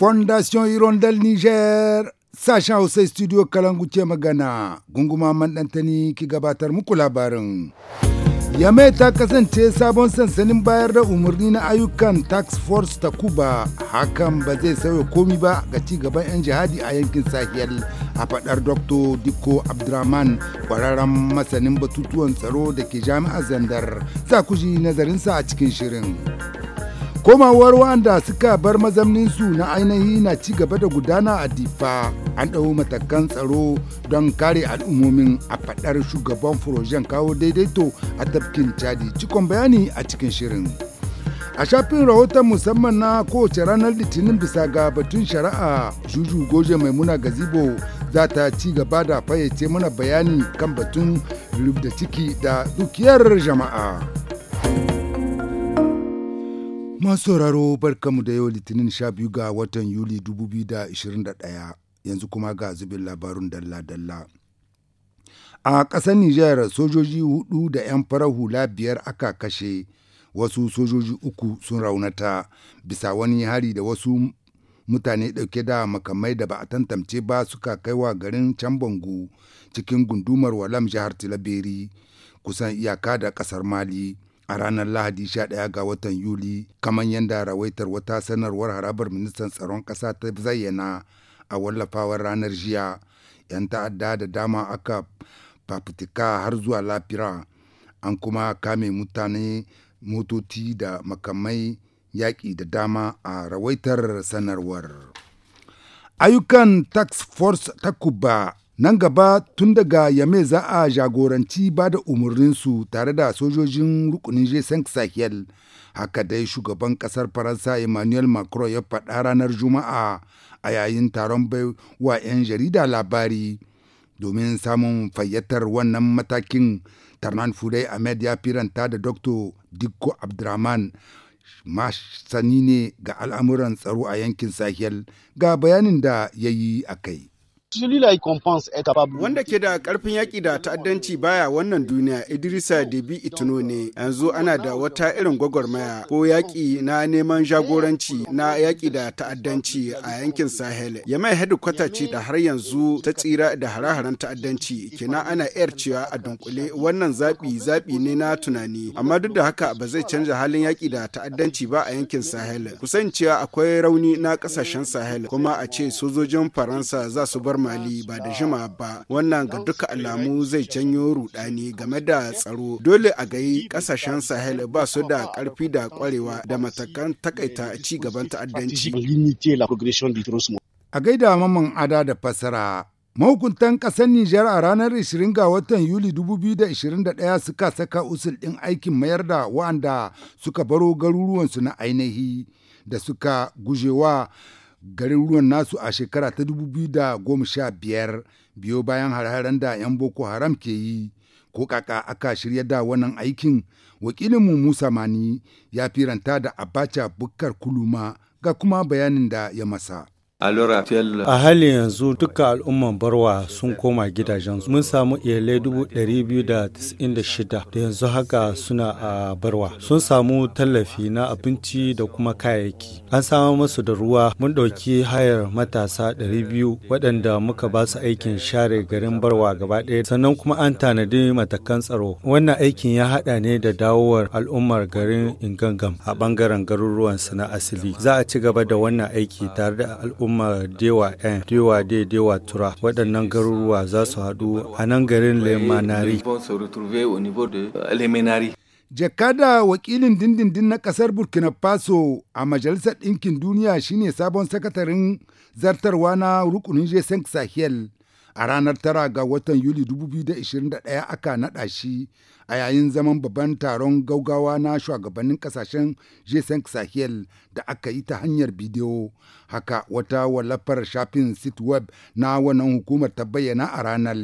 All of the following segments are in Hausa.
fondation hirondel niger sacha hausa studio kalangu ce magana gunguma mandantani ki gabatar muku labarin yamai ta kasance sabon sansanin bayar da umarni na ayyukan tax force ta kuba hakan ba zai sauya komi ba ga ci gaban 'yan jihadi a yankin sahel a fadar dr dikko abdurrahman kwararren masanin batutuwan tsaro da ke jami'ar zandar za ku ji nazarinsa a cikin shirin komawar wanda suka bar su na ainihi na ci gaba da gudana a difa an ɗau matakan tsaro don kare al'ummomin a faɗar shugaban furojen kawo daidaito a tafkin cadi cikon bayani a cikin shirin a shafin rahoton musamman na kowace ranar litinin bisa ga batun shari'a juju goje maimuna gazibo za ta ci gaba da fayyace mana bayani kan batun rubda ciki da dukiyar jama'a. Masu sauraro barkamu da yau litinin sha biyu ga watan Yuli 2021 yanzu kuma ga zubin labarun dalla-dalla. A ƙasar Nijar sojoji hudu da 'yan farar hula biyar aka kashe wasu sojoji uku sun raunata bisa wani hari da wasu mutane ɗauke da makamai da ba a tantance ba suka kaiwa garin Cambangu cikin gundumar Walam jihar Tilaberi kusan iyaka da ƙasar Mali. a ranar Lahadi 11 ga watan Yuli kamar yadda rawaitar wata sanarwar harabar ministan tsaron ƙasa ta zayyana a wallafawar ranar jiya 'yan ta'adda da dama aka fafutuka har zuwa lafira an kuma kame mutane motoci da makamai yaƙi da dama a rawaitar sanarwar ayyukan tax force takuba Nan gaba tun daga Yame za a jagoranci ba da umarninsu tare da sojojin rukunin g Sahel. Haka dai shugaban kasar Faransa Emmanuel Macron ya faɗa ranar Juma'a a yayin taron wa 'yan jarida labari. Domin samun fayyatar wannan matakin, Tarnan fulai Ahmed ya firanta da Dr. Dikko Abdurrahman masani ne ga al'amuran tsaro a yankin Sahel ga bayanin da ya yi a kai. Wanda ke da karfin yaƙi da ta'addanci baya wannan duniya Idrisa Debi Itno ne yanzu ana da wata irin gwagwarmaya ko yaƙi na neman jagoranci na yaki da ta'addanci a yankin Sahel. Ya mai hedikwata ce da har yanzu ta tsira da hare-haren ta'addanci kina ana yar cewa a dunkule wannan zaɓi zaɓi ne na tunani amma duk da haka ba zai canza halin yaki da ta'addanci ba a yankin Sahel. Kusan cewa akwai rauni na ƙasashen Sahel kuma a ce sojojin Faransa za su bar mali ba da jima ba wannan ga duka alamu zai canyo rudani game da tsaro dole a gayi kasashen sahel ba su da karfi da kwarewa da matakan takaita ci gaban ta'addanci a gaida mamman ada da fasara Mahukuntan ƙasar Nijar a ranar 20 ga watan Yuli 2021 suka saka usul ɗin aikin mayar da wa'anda suka baro garuruwansu na ainihi da suka gujewa garin ruwan nasu a shekara ta dubu biyu da goma sha biyar biyo bayan har-haren da 'yan boko haram ke yi ko kaka aka shirya da wannan aikin wakilinmu musa mani ya firanta da abacha bukkar kuluma ga kuma bayanin da ya masa A halin yanzu duka al'umman barwa sun koma gidajensu. Mun samu iyalai 296 da yanzu haka suna a barwa. Sun samu tallafi na abinci da kuma kayayyaki. An samu masu da ruwa mun ɗauki hayar matasa 200 waɗanda muka ba su aikin share garin barwa gaba ɗaya. Sannan kuma an tanadi matakan tsaro. Wannan aikin ya haɗa ne da dawowar al'ummar garin Ingangam a ɓangaren garuruwan na asili. Za a ci gaba da wannan aiki tare da al'umma al'ummar dewa n dewa de dewa tura waɗannan garuruwa za su haɗu a nan garin lemanari euh, jakada wakilin dindindin na kasar burkina faso a majalisar ɗinkin duniya shine sabon sakatarin zartarwa na rukunin g sahel a ranar tara ga watan yuli 2021 aka naɗa shi a yayin zaman babban taron gaugawa na shugabannin kasashen g sahel da aka yi ta hanyar bidiyo haka wata wallafar shafin web na wannan hukumar ta bayyana a ranar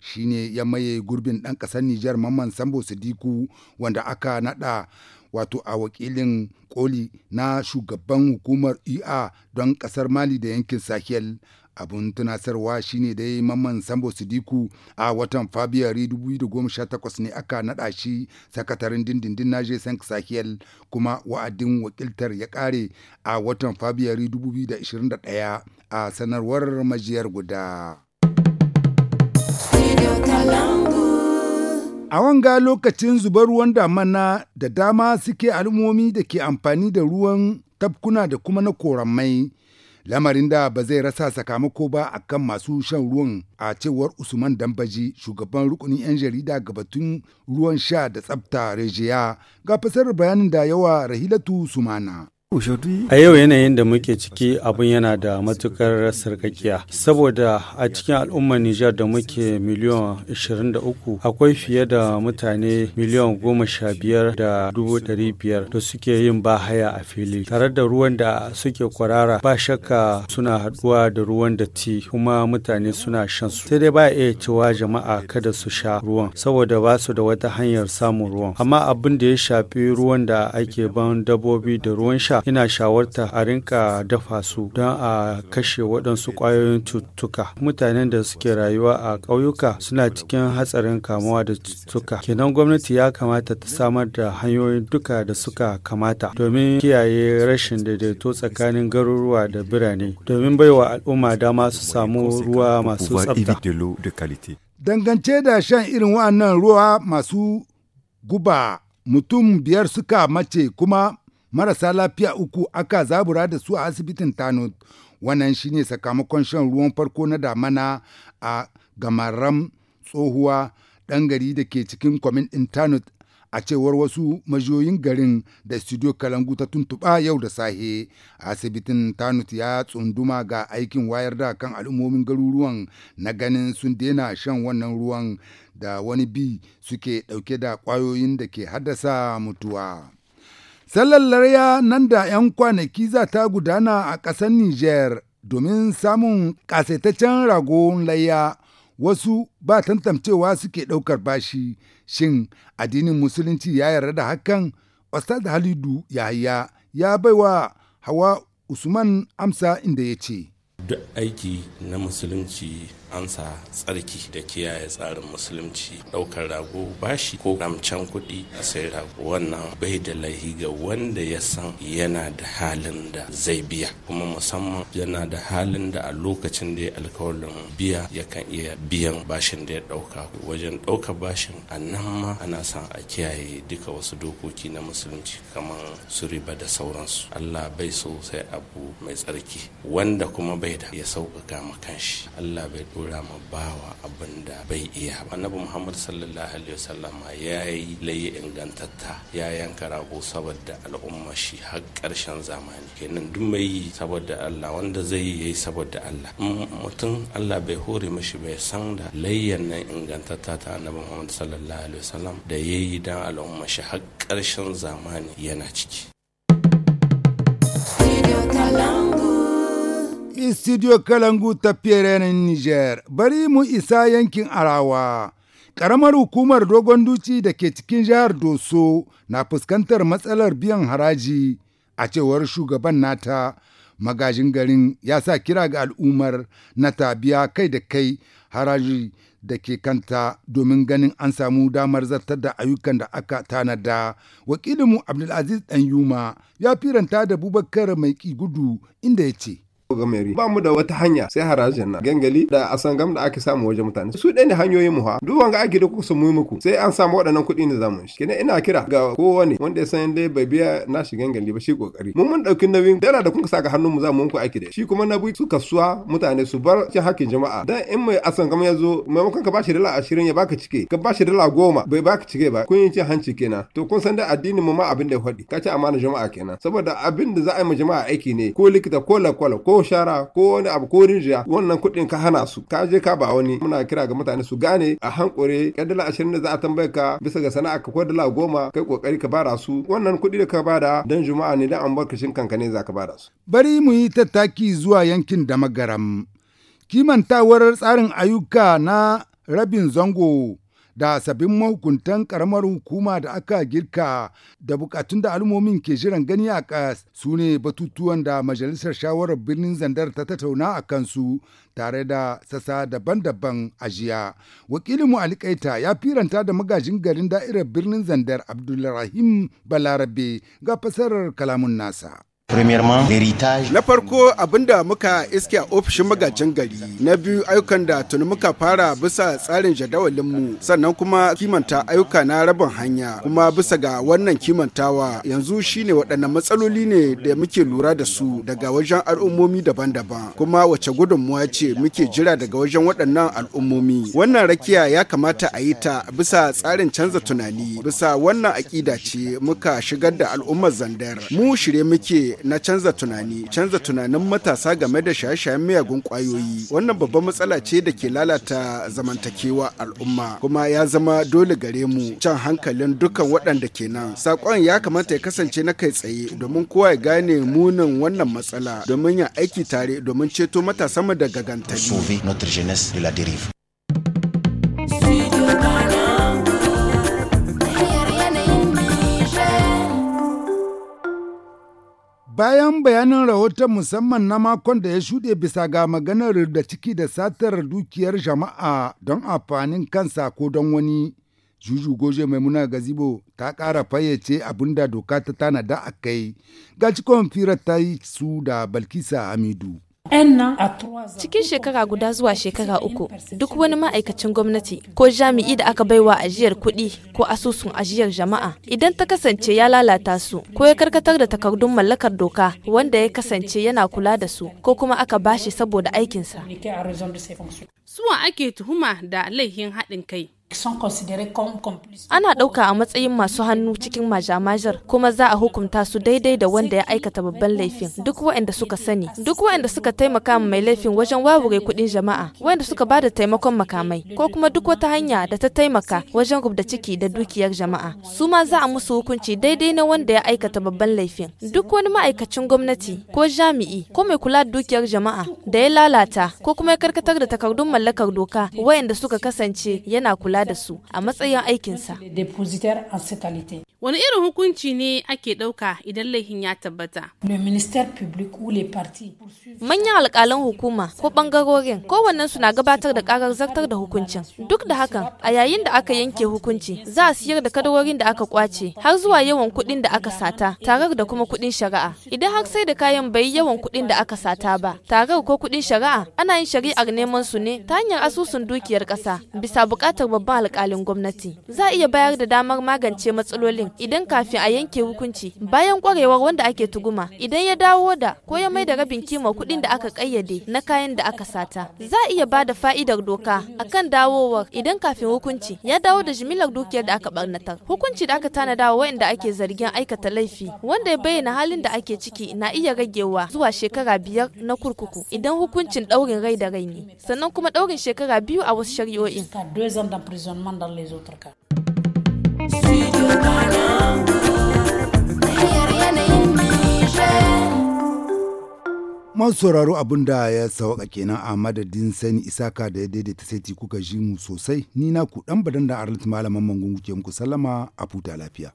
shine ya maye gurbin ɗan ƙasar nijar mamman sambo sadiku wanda aka naɗa wato a wakilin koli na shugaban hukumar ea don kasar mali da yankin sahel abun tunasarwa shine dai mamman sambo sidiku a watan fabiyari 2018 ne aka naɗa shi sakatarin dindindin na jesan sahel kuma wa'adin wakiltar ya ƙare a watan fabiyari 2021 a sanarwar majiyar guda. A wanga lokacin zubar ruwan damana da dama suke al'ummomi da ke amfani da ruwan tafkuna da kuma na koramai. Lamarin da ba zai rasa sakamako ba a kan masu shan ruwan a cewar Usman Dambaji, shugaban rukunin 'yan jarida gabatun ruwan sha da tsabta rejiya ga fasar bayanin da yawa Rahilatu Sumana. A yau yanayin da muke ciki abun yana da matukar sarkakiya saboda a cikin al'ummar Nijar da muke miliyan 23 akwai fiye da mutane miliyan 15,500 da dubu da suke yin bahaya a fili tare da ruwan da suke kwarara ba shakka suna haɗuwa da ruwan datti kuma mutane suna shan su sai dai ba iya cewa jama'a kada su sha ruwan saboda ba su da wata hanyar samun ruwan amma abin da ya shafi ruwan da ake ban dabbobi da ruwan sha ina shawarta a rinka dafa su don a kashe waɗansu ƙwayoyin cututtuka mutanen da suke rayuwa a ƙauyuka suna cikin hatsarin kamuwa da cututtuka kenan gwamnati ya kamata ta samar da hanyoyin duka da suka kamata domin kiyaye rashin daidaito tsakanin garuruwa da birane domin baiwa al'umma dama su samu ruwa masu tsafta dangance da shan irin wa'annan ruwa masu guba mutum biyar suka mace kuma marasa lafiya uku aka zabura da su a asibitin tano wannan shine sakamakon shan ruwan farko na damana a gamaram tsohuwa ɗan gari da ke cikin kwamin intanet a cewar wasu majiyoyin garin da studio kalangu ta tuntuɓa yau da sahe asibitin tanut ya tsunduma ga aikin wayar da kan al'ummomin garuruwan na ganin sun daina shan wannan ruwan da wani bi suke ɗauke da ƙwayoyin da ke haddasa mutuwa. Sallar larya nan da 'yan kwanaki za ta gudana a ƙasar Nijar domin samun ƙasaitaccen ragon layya wasu ba tantancewa suke ɗaukar bashi shin addinin musulunci ya yarda da hakan Ustaz Halidu Yahaya ya baiwa Hawa Usman amsa inda ya ce. Duk aiki na musulunci ansa tsarki da kiyaye tsarin musulunci ɗaukar rago bashi ko ramcen kuɗi a sai rago wannan bai da lahi ga wanda ya san yana da halin da zai biya kuma musamman yana da halin da a lokacin da ya alkawalin biya yakan iya biyan bashin da ya ɗauka wajen ɗaukar bashin a nan ma ana son a kiyaye duka wasu dokoki na musulunci kamar su riba da sauransu allah bai so sai abu mai tsarki wanda kuma bai da ya sauƙaƙa ma kanshi allah bai tura ma bawa abin da bai iya annabi muhammad sallallahu alaihi wasallama ya yi layi ingantatta ya yanka rago saboda al'umma shi har karshen zamani kenan duk mai yi saboda allah wanda zai yi saboda allah mutum allah bai hore mashi bai san da layyan nan ingantatta ta annabi muhammad sallallahu alaihi wasallam da ya yi dan al'umma shi har karshen zamani yana ciki tuntuɓi studio Kalangu ta Ferenin Niger, bari mu isa yankin Arawa. Ƙaramar hukumar Dogon Duci da ke cikin jihar Doso na fuskantar matsalar biyan haraji a cewar shugaban nata magajin garin ya sa kira ga al'ummar na tabiya kai da kai haraji da ke kanta domin ganin an samu damar zartar da ayyukan da aka tanada. Wakilinmu Abdulaziz Ɗanyuma ya firanta da Bubakar mai gudu inda ya ce. gameri ba mu da wata hanya sai harajin na gangali da asangam da aka samu wajen mutane su ɗaya ne hanyoyin mu ha duk wanga ake da kuka mu muku sai an samu waɗannan kuɗi ne zamu shi kenan ina kira ga kowane wanda ya san dai bai biya nashi gangali ba shi kokari mun mun ɗauki nauyin dala da kuka saka hannun mu zamu muku aiki da shi kuma na su kasuwa mutane su bar cin hakkin jama'a dan in mai asangam ya zo maimakon ka bashi dala ashirin ya baka cike ka bashi dala goma bai baka cike ba kun yi cin hanci kenan to kun san da addinin mu ma abin da ya faɗi ka ci amana jama'a kenan saboda abin da za a yi ma jama'a aiki ne ko likita ko lakwala ko shara ko wani abu ko rinjiya wannan kuɗin ka hana su ka je ka ba wani muna kira ga mutane su gane a hankure ka dala ashirin da za a tambaye ka bisa ga sana'a ka ko dala goma kai kokari ka bara su wannan kuɗi da ka bada dan juma'a ne dan albarkacin kanka ne za ka bara su. bari mu yi tattaki zuwa yankin da magaram kimantawar tsarin ayyuka na rabin zango da sabbin mahukuntan karamar hukuma da aka girka da bukatun da al'ummomin ke jiran gani a kas su ne batutuwan da majalisar shawarar birnin zandar ta tattauna a kansu tare da sassa daban-daban a jiya wakilinmu alikaita ya firanta da magajin garin da'irar birnin zandar abdulrahim balarabe ga fasarar kalamun nasa Na farko abinda muka iske a ofishin magajin gari, na biyu ayyukan da tuni muka fara bisa tsarin jadawalinmu sannan kuma kimanta ayyuka na rabin hanya kuma bisa ga wannan kimantawa yanzu shine waɗannan matsaloli ne da muke lura da su daga wajen al'ummomi daban-daban kuma wace gudunmuwa ce muke jira daga wajen waɗannan al'ummomi. Wannan rakiya ya kamata a yi ta bisa tsarin canza tunani bisa wannan aƙida ce muka shigar da al'ummar zandar. Mu shirye muke na canza tunani canza tunanin matasa game da shaye-shayen miyagun kwayoyi wannan babban matsala ce da ke lalata zamantakewa al'umma kuma ya zama dole gare mu can hankalin dukkan waɗanda ke nan sakon ya kamata ya kasance na kai tsaye domin kowa ya gane munin wannan matsala domin ya aiki tare domin ceto matasa mu daga gantali Bayan bayanin rahoton musamman na makon da ya shuɗe bisa ga maganar da ciki da satar dukiyar jama'a don amfanin kansa ko don wani, Juju Goje Maimuna Gazibo ta ƙara fayyace abin da doka ta tana da a kai, ga cikon firar ta yi su da Balkisa Hamidu. Cikin shekara guda zuwa shekara uku, duk wani ma'aikacin gwamnati ko jami'i da aka baiwa ajiyar kuɗi ko asusun ajiyar jama'a idan ta kasance ya lalata su ko ya karkatar da takardun mallakar doka wanda ya kasance yana kula da su ko kuma aka bashi saboda aikinsa. Suwa ake tuhuma da laifin haɗin kai. Ana ɗauka a matsayin masu hannu cikin majamajar kuma za a hukunta su daidai da wanda ya aikata babban laifin duk waɗanda suka sani duk waɗanda suka taimaka mai laifin wajen wawure kuɗin jama'a waɗanda suka ba da taimakon makamai ko kuma duk wata hanya da ta taimaka wajen rubda ciki da dukiyar jama'a su ma za a musu hukunci daidai na wanda ya aikata babban laifin duk wani ma'aikacin gwamnati ko jami'i ko mai kula da dukiyar jama'a da ya lalata ko kuma ya karkatar da takardun mallakar doka waɗanda suka kasance yana kula kula da su a matsayin aikinsa. Wani irin hukunci ne ake ɗauka idan laifin ya tabbata? Manyan alƙalan hukuma ko ɓangarorin kowannensu na gabatar da ƙarar zartar da hukuncin. Duk da hakan, a yayin da aka yanke hukunci, za a siyar da kadarorin da aka kwace har zuwa yawan kuɗin da aka sata, tarar da kuma kuɗin shari'a. Idan har sai da kayan bai yawan kuɗin da aka sata ba, tarar ko kuɗin shari'a ana yin shari'ar neman su ne ta hanyar asusun dukiyar kasa bisa buƙatar babban alƙalin gwamnati. Za a iya bayar da damar magance matsalolin idan kafin a yanke hukunci bayan ƙwarewar wanda ake tuguma idan ya dawo da ko ya mai da rabin kima kuɗin da aka ƙayyade na kayan da aka sata. Za a iya ba da fa'idar doka akan dawowar idan kafin hukunci ya dawo da jimilar dukiyar da aka barnatar. Hukunci da aka tanadawa dawo waɗanda ake zargin aikata laifi wanda ya bayyana halin da ake ciki na iya ragewa zuwa shekara biyar na kurkuku idan hukuncin ɗaurin ɗaurin rai da rai ne sannan kuma ɗaurin shekara biyu a wasu shari'o'in. masu sauraro abin da ya sauka kenan a madadin sani isaka da ya daidaita saiti kuka ji mu sosai ni na ku dan badan da arlit malaman mangungu ke muku sallama a futa lafiya